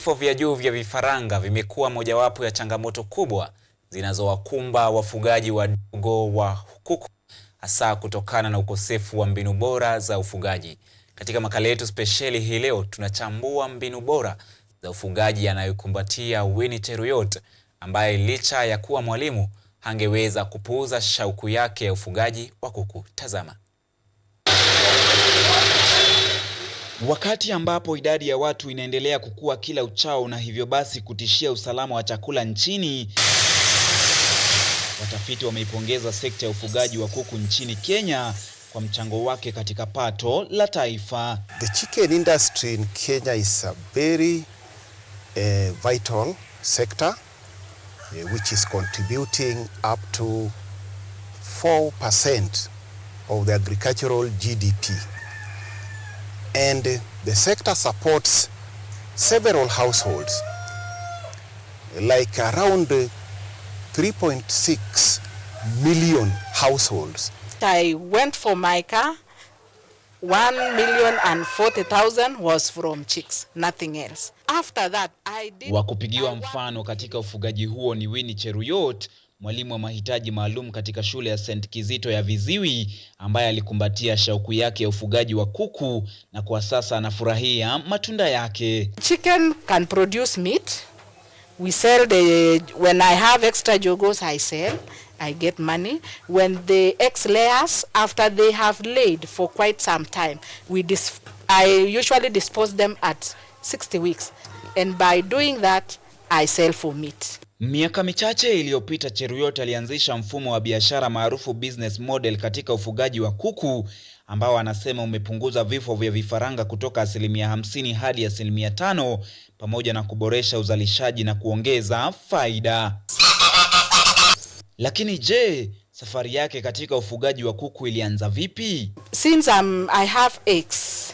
Vifo vya juu vya vifaranga vimekuwa mojawapo ya changamoto kubwa zinazowakumba wafugaji wadogo wa kuku, hasa kutokana na ukosefu wa mbinu bora za ufugaji. Katika makala yetu spesheli hii leo, tunachambua mbinu bora za ufugaji yanayokumbatia Winnie Cheruyot, ambaye licha ya kuwa mwalimu hangeweza kupuuza shauku yake ya ufugaji wa kuku. Tazama. Wakati ambapo idadi ya watu inaendelea kukua kila uchao na hivyo basi kutishia usalama wa chakula nchini, watafiti wameipongeza sekta ya ufugaji wa kuku nchini Kenya kwa mchango wake katika pato la taifa. The chicken industry in Kenya is a very uh, vital sector uh, which is contributing up to 4% of the agricultural GDP and the sector supports several households, like around 3.6 million households. I went for my car. 1 million and 40,000 was from chicks, nothing else. After that, I did... Wa kupigiwa mfano katika ufugaji huo ni Winnie Cheruyot mwalimu wa mahitaji maalum katika shule ya St. Kizito ya Viziwi ambaye alikumbatia shauku yake ya ufugaji wa kuku na kwa sasa anafurahia matunda yake. Chicken can produce meat. We sell the when I have extra jogos I sell. I get money when the eggs layers after they have laid for quite some time we dis I usually dispose them at 60 weeks and by doing that I sell for meat. Miaka michache iliyopita Cheruiyot alianzisha mfumo wa biashara maarufu business model katika ufugaji wa kuku ambao anasema umepunguza vifo vya vifaranga kutoka asilimia hamsini hadi asilimia tano pamoja na kuboresha uzalishaji na kuongeza faida. Lakini je, safari yake katika ufugaji wa kuku ilianza vipi? Since I'm, um, I have eggs,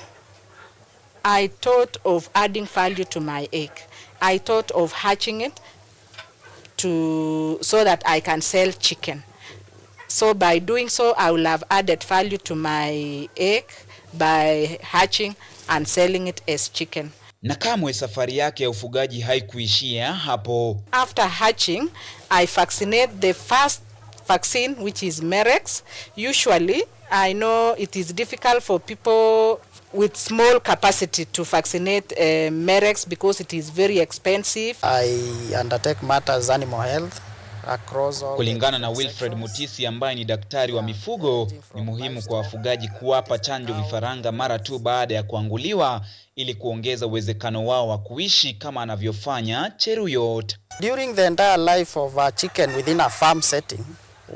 I thought of adding value to my egg. I thought of hatching it to so that I can sell chicken. So by doing so, I will have added value to my egg by hatching and selling it as chicken. Na kamwe safari yake ya ufugaji haikuishia hapo. After hatching, I vaccinate the first vaccine which is Merex. Usually, I know it is difficult for people with small capacity to vaccinate uh, merex because it is very expensive. I undertake matters animal health. Kulingana na Wilfred Mutisi ambaye ni daktari wa mifugo, ni muhimu kwa wafugaji kuwapa chanjo vifaranga mara tu baada ya kuanguliwa ili kuongeza uwezekano wao wa kuishi kama anavyofanya Cheruyot. During the entire life of a chicken within a farm setting,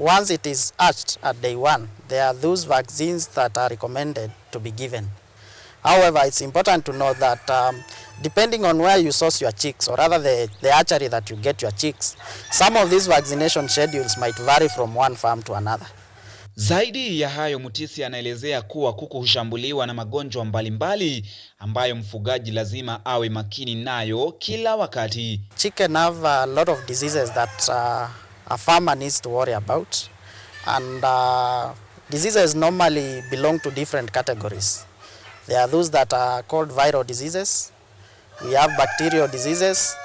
once it is hatched at day one, there are those vaccines that are recommended to be given. However, it's important to know that um, depending on where you source your chicks or rather the, the archery that you get your chicks, some of these vaccination schedules might vary from one farm to another. Zaidi ya hayo, Mutisi anaelezea kuwa kuku hushambuliwa na magonjwa mbalimbali ambayo mfugaji lazima awe makini nayo kila wakati. Chicken have a lot of diseases that uh, a farmer needs to worry about and uh, diseases normally belong to different categories. There are those that are called viral diseases. We have bacterial diseases.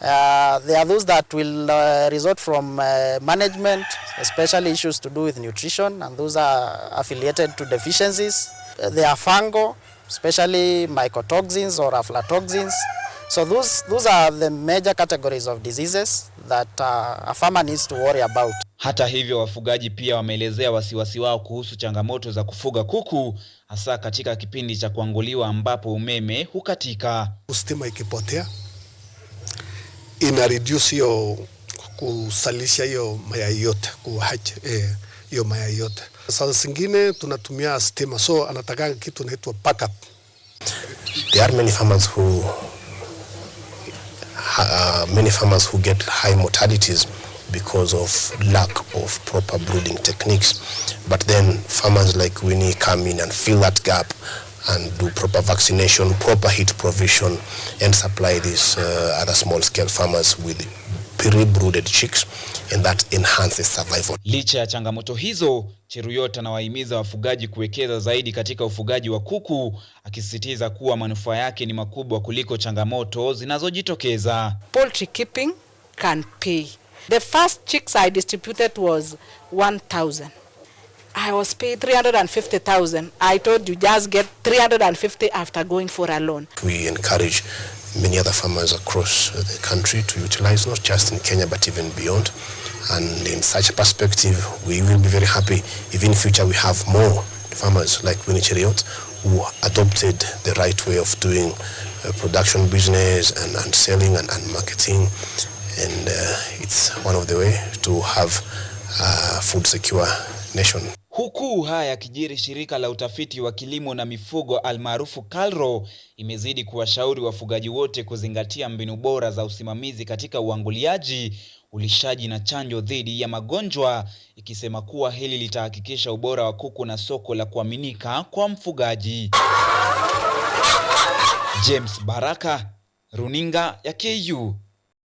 Uh, there are those that will uh, result from uh, management, especially issues to do with nutrition, and those are affiliated to deficiencies. Uh, there are fungal, especially mycotoxins or aflatoxins. So those, those are the major categories of diseases that uh, a farmer needs to worry about. Hata hivyo, wafugaji pia wameelezea wasiwasi wao kuhusu changamoto za kufuga kuku hasa katika kipindi cha kuanguliwa ambapo umeme hukatika. Stima ikipotea ina reduce hiyo kusalisha hiyo mayai yote kuacha eh, hiyo eh, mayai yote. Sasa zingine tunatumia stima, so anataka kitu inaitwa backup. There are many farmers who uh, many farmers who get high mortalities because of lack of proper brooding techniques. But then farmers like Winnie come in and fill that gap and do proper vaccination, proper heat provision, and supply these uh, other small-scale farmers with pre-brooded chicks, and that enhances survival. Licha ya changamoto hizo, Cheruiyot anawahimiza wafugaji kuwekeza zaidi katika ufugaji wa kuku, akisisitiza kuwa manufaa yake ni makubwa kuliko changamoto zinazojitokeza. Poultry keeping can pay The first chicks I distributed was 1,000. I was paid 350,000. I told you just get 350 after going for a loan. We encourage many other farmers across the country to utilize not just in Kenya but even beyond. And in such a perspective, we will be very happy if in future we have more farmers like Winnie Chariot who adopted the right way of doing uh, production business and, and selling and, and marketing and uh, it's one of the way to have a uh, food secure nation. Huku haya yakijiri, shirika la utafiti wa kilimo na mifugo almaarufu KALRO imezidi kuwashauri wafugaji wote kuzingatia mbinu bora za usimamizi katika uanguliaji, ulishaji na chanjo dhidi ya magonjwa, ikisema kuwa hili litahakikisha ubora wa kuku na soko la kuaminika kwa mfugaji. James Baraka, Runinga ya KU.